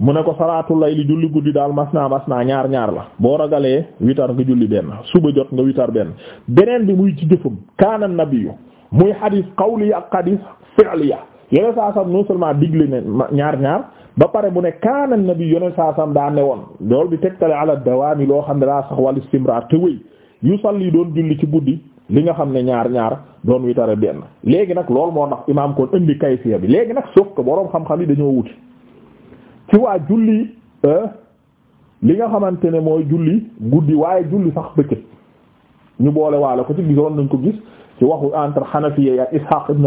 mu ne ko salaatul layli julli guddi daal mas naa mas naa ñaar ñaar la boo ragalee witar nga julli benn suba jot nga witar benn beneen bi muy ci jëfam kaana nabiyyu muy hadis qawli ak hadis fi'li yeneen saa sam non seulement digle ne ñaar ñaar ba pare mu ne kaana bi yeneen saa sam daa ne woon loolu di tegtale ala dawaami loo xam ne daa sax wal istimraar te wéy yusalli doon julli ci guddi li nga xam ne ñaar ñaar doon witare benn léegi nag lool moo tax imaam kon indi kayfiya bi léegi nag sauf que boroom xam-xam yi dañoo wuti ci waa julli euh, li nga xamante ne mooy julli guddi waaye julli sax bëccëg ñu boole waale ko ci gisoon nañ ko gis ci waxu entre Hanafiya ya Ishaq ibn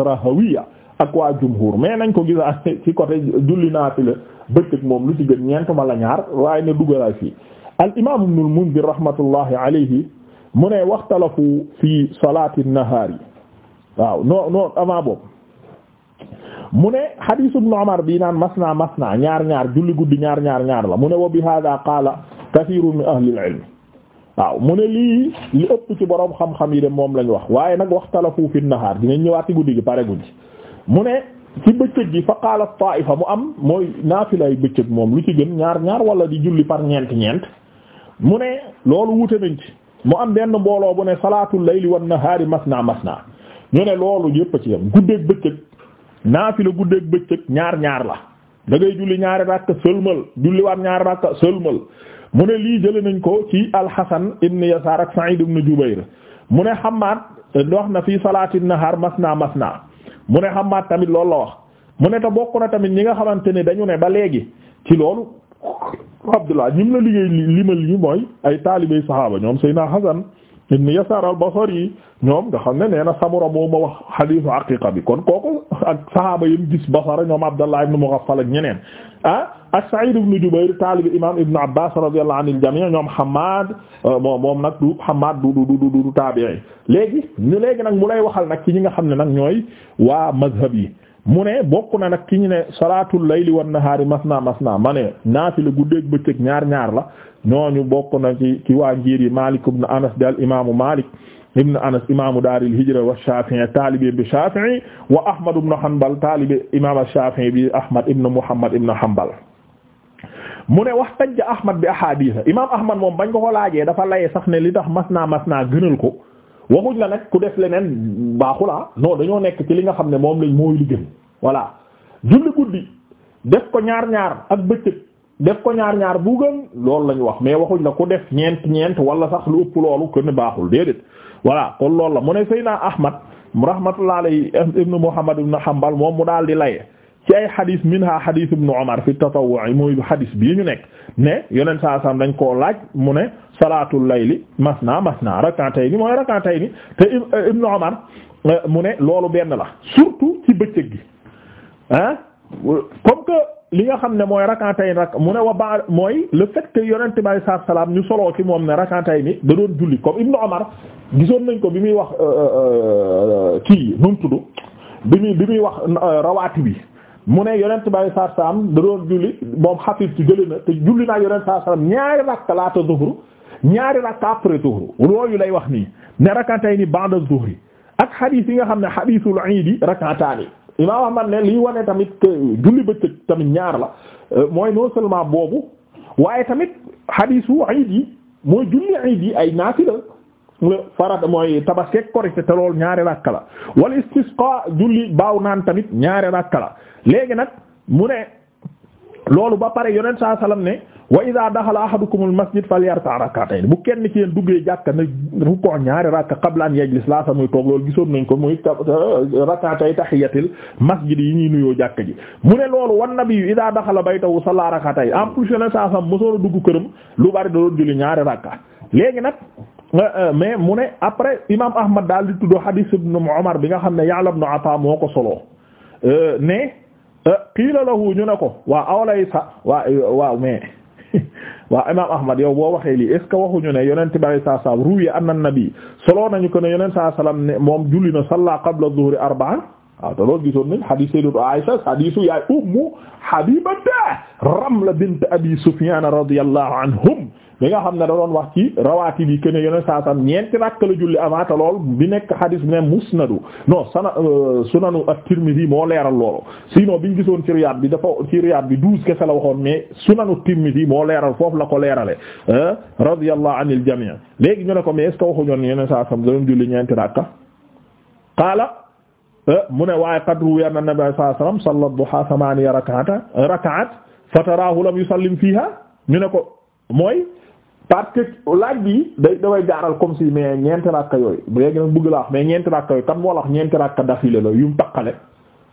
ak waa mais nañ ko gisaa ci côté julli naafila bëccëg moom lu ci gën ñeent ma ñaar waaye ne dugalal fii al imaam ibnul munzir rahmatullahi alayhi mu ne waxtalafu fi salaati nahaari waaw non non avant boobu mu ne hadith ibn Umar bi naan masna masna ñaar ñaar julli guddi ñaar ñaar ñaar la mu ne wa bi hada qaala kathiirun min ahli al waaw mu ne lii li ëpp ci boroom xam-xam yi de moom lañ wax waaye nag waxtalafu fi nahaar dinañ ñëwaat ci guddi gi pare guddi mu ne ci bëccëg gi fa qaala taaifa mu am mooy naafilay bëccëg moom lu ci gën ñaar ñaar walla di julli par ñeent ñeent mu ne loolu wute nañ ci mu am benn mbooloo bu ne salaatul layli wan nahaari masna masna ñu ne loolu yëpp a ci yam guddeeg bëccëg naafila guddeeg bëccëg ñaar ñaar la dangay ngay julli ñaari rakka sëlmal julliwaat ñaari rakka sëlmal mu ne lii jëlee nañ ko ci alxasan ibn yasaar ak sa'id ibn jubayr mu ne xamaat wax na fii salaatin nahaar masna masna mu ne Hammad tamit loolu la wax mu ne te bokk na tamit ñi nga xamante ni dañu ne ba léegi ci loolu Abdullah ñim la liggéey limal yi mooy ay taalibey saxaaba ñoom Seydina Hasan ibn Yasaar al yi ñoom nga xam ne nee na Samura ma wax xadiisu aqiiqa bi kon kooku ak saxaaba yi mu gis Basra ñoom Abdallah ibn Mughaffal ak ñeneen ah ak Sa'id ibn Jubayr taalib imaam Ibn Abbas radiyallahu anil jami' ñoom Hammad euh, moom moom nag du Hammad du du du du du taabi'i léegi ñu léegi nag mu lay waxal nag ci ñi nga xam ne nag ñooy waa mazhab yi mu ne bokk na nag ki ñu ne salaatul layli wan nahaari masna masna ma ne naafila guddeeg bëccëg ñaar ñaar la ñooñu bokk na ci ci waa njiir yi Malik ibn Anas dal imaamu Malik ibn anas imamu daaril hijra wa Shafi'i taalibe bi Shafi'i wa ahmad ibn Hanbal taalibe imam Shafi'i bi ahmad ibn Muhammad ibn Hanbal mu ne wax tajja ahmad bi ahadisa imam ahmad moom bañ ko ko laajee dafa layee sax ne li tax mas naa mas naa gënal ko waxuñ la nag ku def leneen baaxula ah. noo dañoo nekk ci li nga xam ne moom lañ mooy li gën voilà julli guddi def ko ñaar-ñaar ak bëccëg def ko ñaar-ñaar bu gën loolu lañu wax mais waxuñ la ku def ñeent ñeent wala sax lu ëpp loolu kenn baaxul déedéet voilà kon loolu la mu ne Seyna Ahmad rahmatullah alayhi ibn Muhammad ibn Hanbal moom mu daal di laye ci ay xadis minha xadis ibn Umar fi tatawwu mooy xadis bii ñu nekk ne yeneen sa saam dañ koo laaj mu ne salaatul layli masna masna rak'atayni mooy rak'atayni te ibn Umar mu ne loolu benn la surtout ci bëccëg gi ah comme que. li nga xam ne mooy rakantay rak mu ne wa ba mooy le fait que yonent bi alayhi salaatu salaam ñu soloo ci moom ne rakantay ni da doon julli comme Ibnu Omar gisoon nañ ko bi muy wax euh, euh, euh, kii nu mu tudd bi muy bi muy wax rawaati bi mu ne yonent bi alayhi salaatu salaam da doon julli moom xafis ci jëli na te julli naa yonent salaatu salaam ñaari rakka laata zuhru ñaari rakka après zuhru loolu lay wax nii ne rakantay ni ba'da zuhri ak xadiis yi nga xam ne xadiisul iidi rakantaani Imaam Ahmad ne liy wane tamit que julli bëccëg tamit ñaar la euh, mooy non seulement boobu waaye tamit xadiisu iid yi mooy julli iid yi ay naafila la farata mooy tabaski ak korite te loolu ñaari rakka la wala istisqa julli baaw naan tamit ñaari rakka la léegi nag mu ne. loolu ba pare yonent saa salaam ne wa idaa daxala ahadukumul masjid falyarka rak'atayn bu kenn ci yeen duggee jàkka na rukkoo ñaari rakka qabla an yajlis laata muy toog loolu gisoon nañ ko muy rak'atay tahiyatil masjid yi ñuy nuyoo jàkka ji mu ne loolu wan nabiyyu idaa daxala baytahu salla rak'atay en plus yonent saa salaam mosoon a dugg këram lu bari da doon julli ñaari rakka léegi nag euh, mais mu ne après imam Ahmad daal di tudd hadith ibn Umar bi nga xam ne Ya'la ibn Ata moo ko solo euh, Eh, qiila lahu ñu ne ko waa awlaysa waa waaw mais waa imam ahmad yow boo waxee lii est ce que waxuñu ne yonent bari saa salam ruwi anna nabi soloo nañu ko ne yonent saa sallam ne moom julli na salla qabla dhuhri arbaa waaw te loolu gisoon nañ hadith sayyidatu Aisha hadithu yaay ummu Habibata Ramla bint abi Sufyan radiyallahu anhum bi nga xam ne da doon wax ci rawaati bi kenn yeneen saa sam ñeenti rakk la julli avant lool bi nekk xadis bi ne musnadu non sana euh, sunanu at-Tirmidhi moo leeral loolu sinon biñ gisoon ci Riyad bi dafa ci Riyad bi douze kese la waxoon mais sunanu at-Tirmidhi moo leeral foofu la ko leerale radiyallahu anil jami' léegi ñu ne ko mais est-ce que waxuñoon yeneen saa sam da doon julli ñeenti rakka qaala euh, mu ne waaye qad ruwiya anna nabiyya sallallahu alayhi wasallam salla duha thamaniya rak'at rak'at fataraahu lam yusallim ñu ne ko mooy parce que laaj bi day dafay jaaral comme si mais ñeenti rakka yooyu léegi nag bëgg la wax mais ñeenti rakka yooyu kan moo la wax ñeenti rakka dafile la yu mu taqale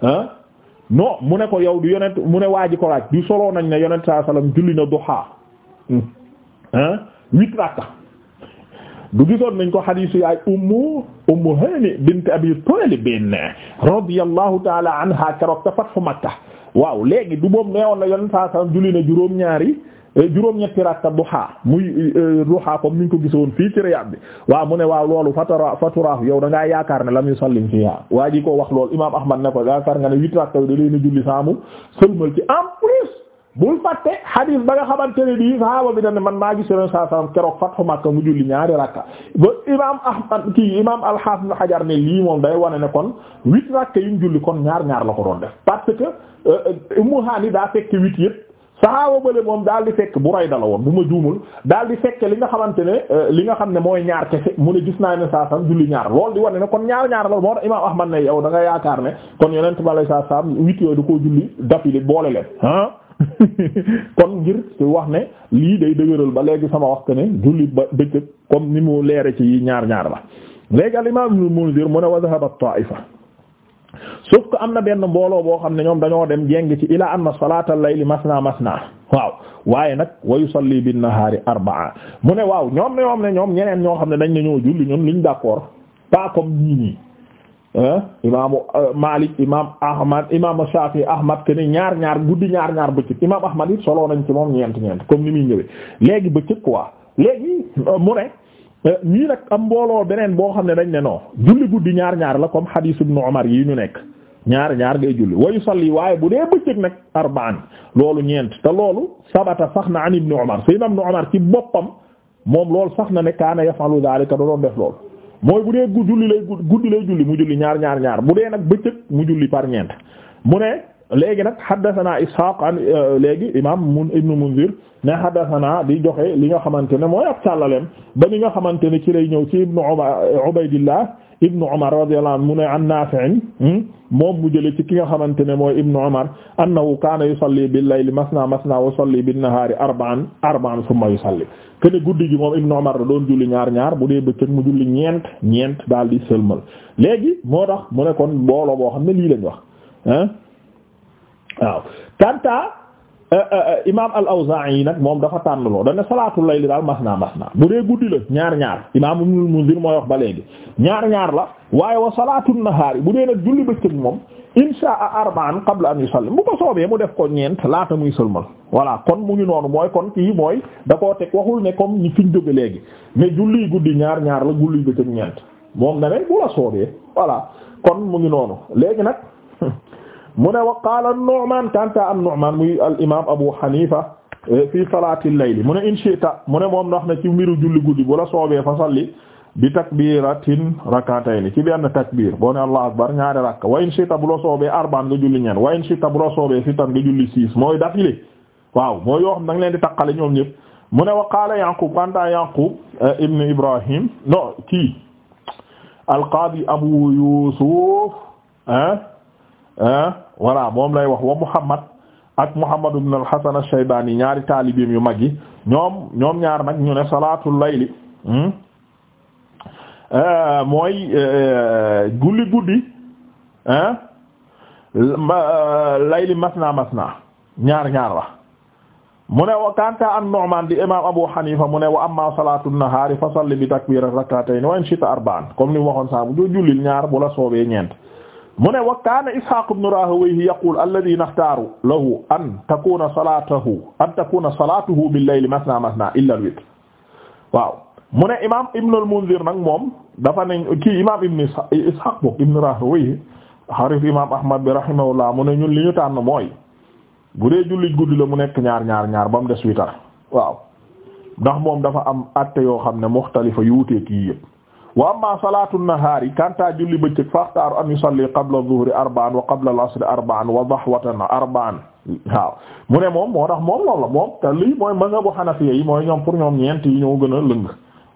ah non mu ne ko yow du yonent mu ne waa ji ko laaj du soloo nañ ne yonent saa sallam julli na duha ah huit rakka du gisoon nañ ko xadiisu yaay ummu ummu hani bint abi talib bin radiyallahu taala anha keroog ta fathu makka waaw léegi du moom neewoon na yonent saa sallam julli na juróom-ñaari Eh, juróom-ñetti rakka duha muy eh, duha comme niñ ko gisoon fii ci Riyad bi waaw mu ne waaw loolu fatara faturaaf yow da ngaa yaakaar ne lam yusallim fiha waa ji ko wax lool imaam Ahmad ne ko a ba nga xamante maa gis yoneen saa sallam keroog fathu Makka mu julli ñaari rakka ba imam Ahmad kii imam al-Hafiz Ibn Hajar ne lii moom day wane ne kon huit rakka yu mu julli kon ñaar ñaar la ko doon def parce que Ummu euh, euh, Hani daa fekk huit yëpp saxaaba bële moom daal di fekk Burayda la woon bu ma juumul daal di fekk li nga xamante ne euh, li nga xam ne mooy ñaar kese mu ne gis naa ne saa sam julli ñaar lool di wane ne kon ñaar ñaar la moo tax Imaam Ahmad ne yow da nga yaakaar ne kon yonent balay saa sam huit yooyu da koo julli dafili boole leen ah kon ngir ci wax ne lii day dëgëral ba léegi sama wax ne julli ba bëccëg comme ni mu leere ci ñaar ñaar la léegi al Imaam Ibnul mu ne wa dhahaba at-ta'ifa sauf que am na benn mbooloo boo xam ne ñoom dañoo dem jéng ci ilaa anna salaatal layli masna masna waaw waaye nag wa yusalli bin nahaari arbaa mu ne waaw ñoom ne ñoom ne ñoom ñeneen ñoo xam ne dañ ne ñoo julli ñun liñ d'accord pas comme ñii nii imaamu euh, Malik imaam Ahmad imaamu Shafi Ahmad que ni ñaar ñaar guddi ñaar ñaar bëccëg imaam Ahmad it solo nañ ci moom ñeent ñeent comme ni muy ñëwee léegi bëccëg quoi léegi euh, mu ne. Euh, ñii nag am mbooloo beneen boo xam ne dañ ne non julli guddi ñaar ñaar la comme hadis ibn Umar yi ñu nekk ñaar ñaar ngay julli wayu salli waaye bu dee bëccëg nag arbaan loolu ñeent te loolu sabata sax na an ibn Umar sayyid ibn Umar ci boppam moom loolu sax na ne kaana yafalu daalika da doon def loolu mooy bu dee julli lay guddi lay julli mu julli ñaar ñaar ñaar bu dee nag bëccëg mu julli par ñeent mu ne léegi nag haddathana Ishaq an euh, léegi imam mun ibnu Munzir ne haddathana di joxe li nga xamante ne mooy ak càllaleem ba ni nga xamante ne ci lay ñëw ci ibnu Ubaydillah ibnu Umar radiyallahu anhu mu ne an Nafi'in hmm? moom mu jële ci ki nga xamante ne mooy ibnu Umar annahu kaana yu yusalli bil layli masna masna wa yusalli bin nahaari arba'an arba'an thumma yusalli kene guddi gi moom ibnu Umar da doon julli ñaar ñaar bu dee bëccëg mu julli ñeent ñeent daal di sëlmal léegi moo tax mu ne kon boo xam ne lii lañ wax waaw kanta euh, euh, euh, imam al-Awzaa'i nag moom dafa tànnloo dane salaatul layli daal masna masna bu dee guddi la ñaar ñaar imam Ibnul Munzir mooy wax ba léegi ñaar ñaar la waaye wa salaatul nahaari bu dee nag julli bëccëg moom insha'a arba'an qabla an yusallim bu ko soobee mu def ko ñeent laata muy sëlmal voilà kon mu ngi noonu mooy kon kii mooy da koo teg waxul ne comme ni fiñ jóge léegi mais julli guddi ñaar ñaar la julli bëccëg ñeent moom na ne bu kon mu ngi noonu léegi nag mu ne wa qaala Nu'maan am Nu'maan muy al imaam Abu Hanifa eh, fii salaatil layli mu ne in shi'ta mu ne moom wax na ci mbiru julli guddi bu la soobee fa salli bi takbiratin rak'atayn ci benn takbir boo ne Allahu akbar ñaari rakk wa in shi'ta bu la soobee arbaan wa in shi'ta bu la soobee sittan nga siis mooy dafile waaw mooy yoo xam leen di taqale ñoom ñëpp mu ne wa qaala Yaqub kanta Yaqub eh, ibn Ibrahim no kii al Abu Yusuf ah eh, voilà moom lay wax wa Muhammad ak Muhammad ibn al-Hasan ash-Shaybani ñaari taalibeem yu mag yi ñoom ñoom ñaar nag ñu ne salaatul layli hmm? euh, mooy euh, gulli guddi euh, layli masna masna ñaar ñaar la mu ne wa kanta an Nu'man di imam Abu Hanifa mu ne wa amma salatu an fa salli bi takbir rak'atayn wa in shita arba'an comme ni waxoon saa bu julli ñaar bu la soobee ñeent mu ne wa kaana Ishaaq ibn Raahawayhi yaqul alladhi naxtaaru lahu an takuna salaatahu an takuna salaatuhu bil layli masna masna illa al witr waaw mu ne imaam Ibn al-Munzir nag moom dafa ne kii imaam Ibn Ishaaq bokk Ibn Raahawayhi xarit imaam Ahmad bi rahimahullah mu ne ñun li ñu tànn mooy bu dee jullit guddi la mu nekk ñaar ñaar ñaar ba mu des witar waaw ndax moom dafa am àtte yoo xam ne muxtalifa yu wuute kii yëpp. wa amma salaatu nahaari kanta julli bëccëg faxtaaru an yusalli qabla zuhri arba'an wa qabla al-asri arba'an wa dahwatan arba'an waaw mu ne moom moo tax moom loolu moom te lii mooy mazhabu hanafiya yi mooy ñoom pour ñoom ñeent ñoo gën a lëng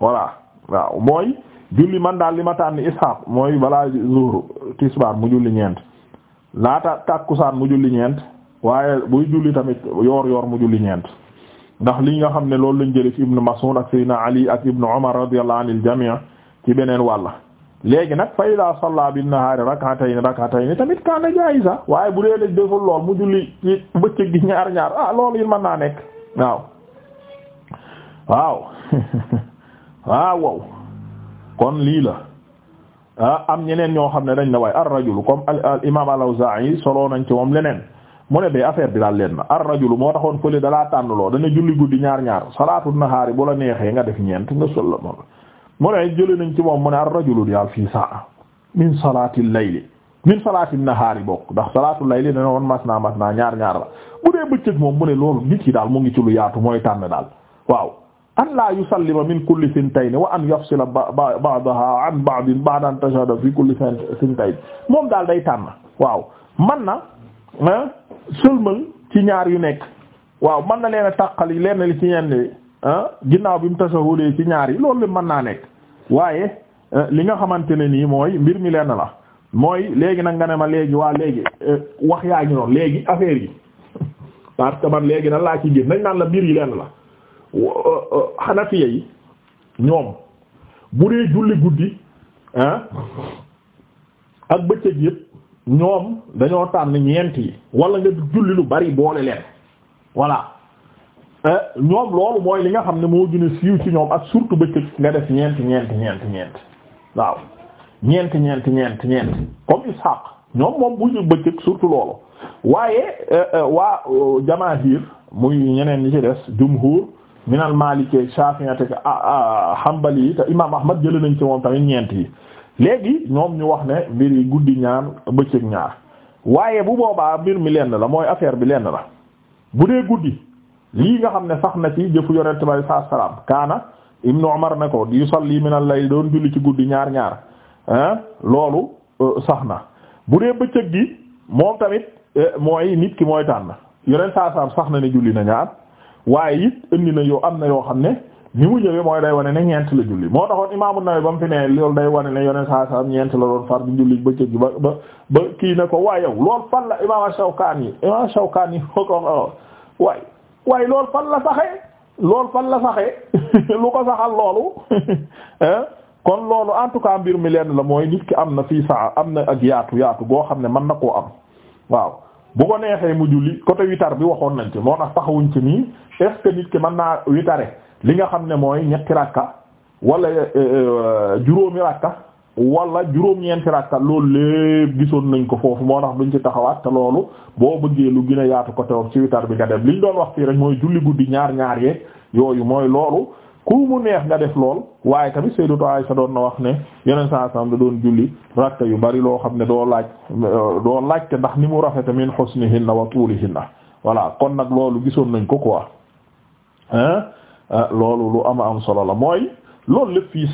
voilà waaw mooy julli man daal li ma tànn ishaq mooy balaa zuhru tisbaar mu julli ñeent laata tàkkusaan mu julli ñeent waaye buy julli tamit yoor yoor mu julli ñeent ndax li nga xam ne loolu lañ jëlee ci beneen wàlla léegi nag fa ida salla bin nahaari rak'atayn rak'atayn tamit kaana jaa'iza waaye bu dee lañ deful lool mu julli bëccëg gi ñaar ñaar ah loolu it mën naa nekk waaw waaw waaw kon lii la ah, am ñeneen ñoo xam ne dañ na waaye ar rajulu comme al imam al-Awzaa'i soloo nañ ci moom leneen mu ne bee affaire bi daal leen na ar rajulu moo taxoon fële dalaa tànnloo dana julli guddi ñaar ñaar salaatu nahaari bu la neexee nga def ñeent nga solo mu ne jëlee nañ ci moom mu ne ar-rajulu di al fii sa'a min salaatil layli min salaatil nahaari bokk ndax salaatul layli dana woon mas naa mas naa ñaar ñaar la bu dee bëccëg moom mu ne loolu nit ki daal mu yaatu mooy tànn daal waaw an laa yusallima min kulli sintayni wa an yafsila ba'daha an ba'din ba'da an tashahada fi kulli sintayni moom daal day tànn waaw man na sëlmal ci ñaar yu nekk waaw man na leen a yi leen li ci ñenn ginnaaw bi mu tasawulee ci ñaar yi loolu mën naa nekk waaye euh, li nga xamante ne nii mooy mbir mi lenn la mooy léegi nag nga ne ma léegi waa léegi euh, wax yaa ngi noonu léegi affaire yi parce que man léegi nag laa ci gis nañ naan la mbir yi lenn la xanafiya euh, yi ñoom bu dee julli guddi ah ak bëccëg yëpp ñoom dañoo tànn ñeent yi wala nga julli lu bari boole leen voilà Eh, ñoom loolu mooy li nga xam ne moo gën a siiw ci ñoom ak surtout bëccëg nga def ñeent ñeent ñeent ñeent waaw ñeent ñeent ñeent ñeent comme Ishaq ñoom moom bu ñu bëccëg surtout loolu waaye eh, eh, waa jamaahir muy ñeneen ñi ci des jumhur minal Maliki Shafi'i ah, ah, Hanbali yi te imaam Ahmad jëlee nañ ci moom tamit ñeent yi léegi ñoom ñu wax ne mbir yi guddi ñaar bëccëg ñaar waaye bu boobaa mbir mi lenn la mooy affaire bi lenn la bu dee guddi. lii nga xam ne sax na ci jëfu yonente bi saa salaam kaana ibnu Umar ne ko lii min al-layl doon julli ci guddi ñaar ñaar loolu euh, sax na bu dee bëccëg gi moom tamit euh, mooy nit ki mooy tànn yonent saa salaam sax na ne julli na ñaar waaye it indi na yoo am na yoo xam ne ni mu ñëwee mooy day wane ne ñeent la julli moo taxoon imaamu Nawawi ba mu fi ne loolu day wane ne yonent saa salaam ñeent la doon far di julli bëccëg gi ba ba ba kii ne ko waa yow loolu fan la imaam Shawkaani imaam waaye loolu fan la saxee loolu fan la saxee lu ko saxal loolu eh? kon loolu en tout cas mbir mi lenn la mooy nit ki am na fii saa am na ak yaatu yaatu goo xam ne mën na koo am waaw bu ko neexee mu julli côté witar bi waxoon nañ ci moo tax taxawuñ ci nii est nit ki mën naa witare li nga xam ne mooy ñetti rakka walla eh, eh, juróomi rakka wala juróom-ñeenti rakka loolu lépp gisoon nañ ko foofu moo tax duñ ci taxawaat te loolu boo bëggee lu gën yaatu ko côté ci witar bi nga def liñ doon wax fii rek mooy julli guddi ñaar ñaar yeeg yooyu mooy loolu ku mu neex nga def lool waaye tamit Sayyidatu sa doon na wax ne yeneen saa sam da doon julli rakka yu bari loo xam ne doo laaj doo laaj laajte ndax ni mu rafete min husnihinna wa tuulihinna voilà kon nag loolu gisoon nañ ko quoi hein euh, loolu lu ama am solo la mooy loolu lépp fii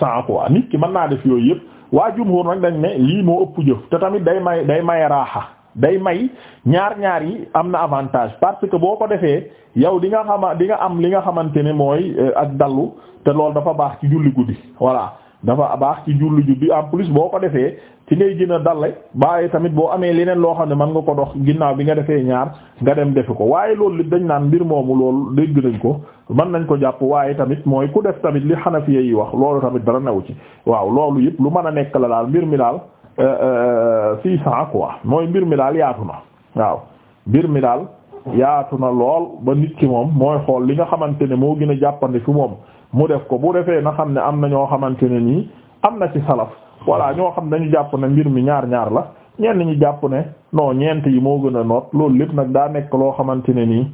ki mën naa def yooyu yëpp waa jumhur nag dañ ne lii moo ëpp jëf te tamit day may day may raaxa day may ñaar ñaar yi am na avantage parce que boo ko defee yow di nga xama di nga am li nga xamante ne mooy eh, ak dallu te loolu dafa baax ci julli guddi voilà dafa baax ci julli ju bi en plus boo ko defee ci ngay gën a dalle bàyyi tamit boo amee leneen loo xam ne mën nga ko dox ginnaaw bi nga defee ñaar nga dem defi ko waaye loolu li dañ naan mbir moomu loolu dégg nañ ko mën nañ ko jàpp waaye tamit mooy ku def tamit li xanafiya yi wax loolu tamit dala new ci waaw loolu yëpp lu mën a nekk la daal mbir mi daal euh, euh, six cent quoi mooy mbir mi daal yaatu na waaw mbir mi daal yaatu na lool ba nit ki moom mooy xool li nga xamante ne moo gën a jàppandi moom mu def ko bu defee na xam ne am na ñoo xamante ne nii am na ci salaf voilà ñoo xam dañu jàpp na mbir mi ñaar ñaar la ñenn ñi jàpp ne non ñeent yi moo gën a noot loolu lépp nag daa nekk loo xamante ne nii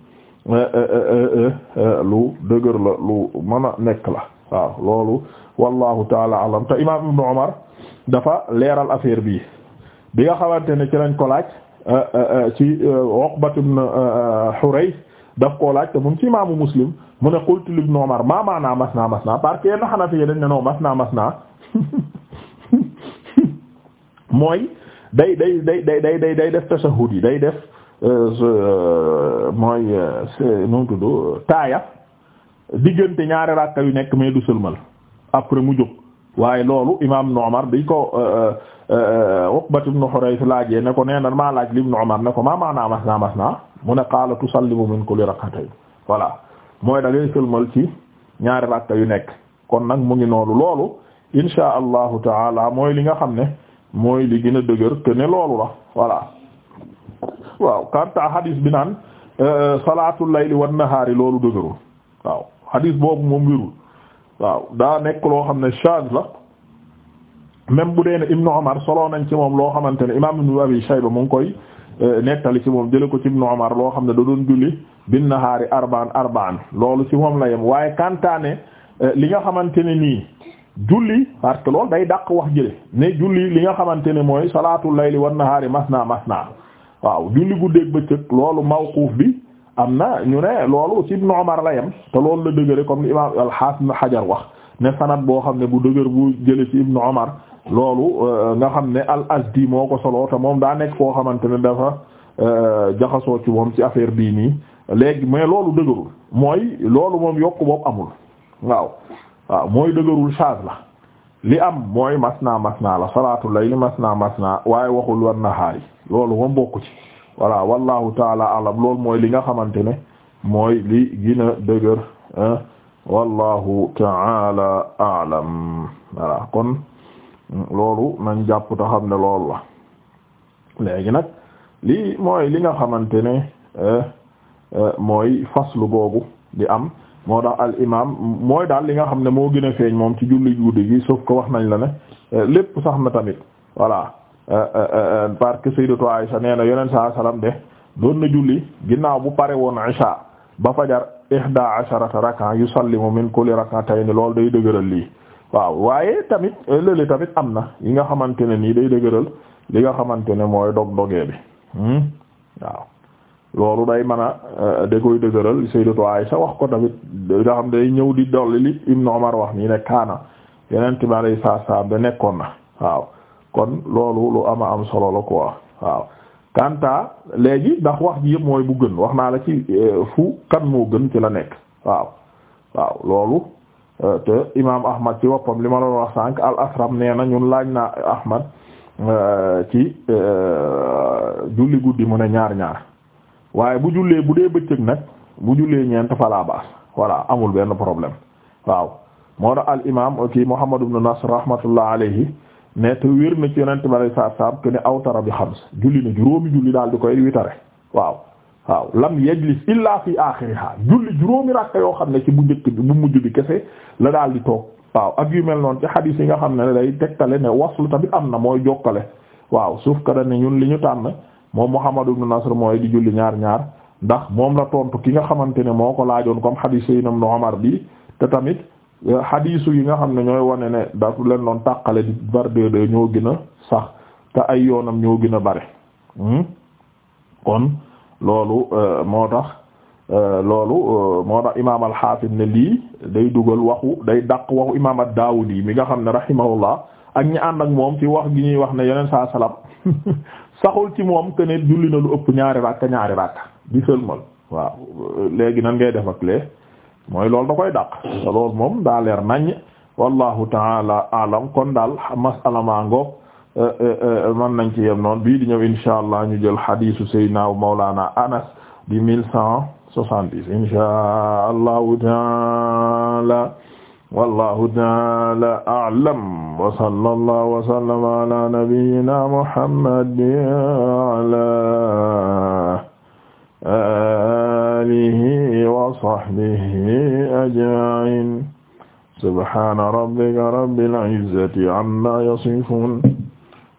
euh, euh, euh, lu dëgër la lu mën a nekk la waaw loolu wallahu taala alam te imam ibnu Umar dafa leeral affaire bi bi nga xamante ne ci lañ ko laaj ci Uqbat ibn Hurayth daf koo laaj te mu ngi ci imaamu muslim mu ne qultu ibn Umar maa maanaa mas naa mas naa parce que yenn day day day day day day day def tashahhud yi day def euh, euh, mooy euh, nu tudd taaya diggante ñaari rakka yu nekk mais du sëlmal mu jóg loolu imaam ibn dañ ko Uqbat ibn Hurayth laajee ne ko laaj li ibn ne ko maa mas naa mas naa mu ne qaala tusallimu min kulli rak'atayn voilà mooy da ngay sëlmal ci ñaari rakka yu nekk kon nag mu ngi noonu loolu insha allahu taala mooy li nga xam ne mooy li gën a dëgër te ne loolu la voilà waaw kanta hadis bi naan euh, salaatul layli wan nahaari loolu dëgërul waaw hadis boobu moom wérul waaw daa nekk loo xam ne shaaz la même bu dee ne Ibnu Umar solo nañ ci moom loo xamante ne imaam Ibnu Abi Shayba mu koy Euh, nettali ci moom jële ko ci Ibn Umar loo xam ne da doon julli bin nahaari arbaan arbaan loolu ci moom la yem waaye kantaane euh, li nga xamante ne nii julli parce que loolu day dàq wax jële ne julli li nga xamante ne mooy salaatul li wan nahaari masna masna waaw julli guddeeg bëccëg loolu mawquuf bi am na ñu ne loolu ci Ibn Umar la yem te loolu la dëgëre comme li imaam al Hajar wax ne sanad boo xam ne bu dëgër bu jële ci Ibn Umar loolu euh, nga xam ne al asdi moo ko solo moom daa nekk koo xamante ne dafa euh, jaxasoo ci moom ci affaire bii nii léegi mais loolu dëgërul mooy loolu moom yokk boobu amul waaw waaw mooy dëgërul charge la li am mooy masna masna la salaatu layli masna masna waaye waxul war nahaari loolu moom bokku ci voilà wallahu taala alam loolu mooy li nga xamante ne mooy li gina dëgër wallahu kon loolu nañ jàpp te xam ne loolu la léegi nag lii mooy li nga xamante ne eh, eh, mooy faslu googu di am moo tax al imam mooy daal li nga xam ne moo gën a feeñ moom ci julli guddi gi sauf que wax nañ la ne eh, lépp sax na tamit voilà parce que sayyidatu Aisha nee na yonent saa salaam de doon na julli ginnaaw bu pare woon isha ba fajar ihda asharata raka yusallimu min kulli rak'atayn loolu day dëgëral lii waaw waaye tamit lële tamit am na yi nga xamante ne nii day dëgëral li nga xamante ne mooy dog dogee bi hmm? waaw loolu day mën a euh, da koy dëgëral Sayyidatu Aisha wax ko tamit nga xam day ñëw di dolli li Ibn Umar wax nii ne kaana yeneen tubaab yi saa saa ba nekkoon na waaw kon loolu lu ama am solo la quoi waaw. Kanta léegi ndax wax ji yëpp mooy bu gën wax naa la ci euh, fu kan moo gën ci la nekk waaw waaw loolu te imaam Ahmad ci woppam li ma doon wax sànq al asram nee na ñun laaj naa Ahmad euh, ci euh, julli guddi mu ne ñaar ñaar waaye bu jullee bu dee bëccëg nag bu jullee ñeent fa laa amul benn problème waaw moo tax al imaam kii Muhammad ibn Nasr rahmatullah alayhi ne te wér na ci yonent bi sallallahu alayhi wasallam que ne awtara bi xams julli na juróomi julli daal di koy witare waaw. waaw lam yajlis illa fi axiriha julli juróomi rakka yoo xam ne ci bu njëkk bi bu mujj bi kese la daal di toog waaw ak yu mel noonu ci xadiis yi nga xam ne day tegtale ne waslu tamit am na mooy jokkale waaw suuf ka ne ñun li ñu tànn moom Muhammad ibn Nasr mooy di julli ñaar ñaar ndax moom la tontu ki nga xamante ne moo ko laajoon comme xadiis yi ñoom Umar bi te tamit euh, xadiisu yi nga xam ne ñooy wane ne daf leen doon tàqale di var de ñoo gën a sax te ay yoonam ñoo gën a bare hmm? kon loolu euh, moo tax euh, loolu euh, moo tax imaam al-Hafiz ne lii day dugal waxu day daq waxu imaam ad-Dawudi mi nga xam ne rahimahullah ak ñi ànd ak moom ci wax gi ñuy wax ne yeneen saa salaam saxul ci moom que ne julli na lu ëpp ñaari rakka ñaari rakka di sëlmal waaw léegi nan ngay def ak mooy loolu da koy dàq te loolu moom daa leer naññ wallahu taala alam kon daal masala maa Euh, euh, euh, man nañ ci yem noonu bii di ñëw insha allah ñu jël hadiisu Seydina Mawlana Anas di mille cent soixante-dix insha allahu taala wallahu taala a'lam wa sallallahu wa sallama ala nabiyyina muhammadin wa ala alihi wa sahbihi ajma'in subhana rabbika rabbil izzati amma yasifun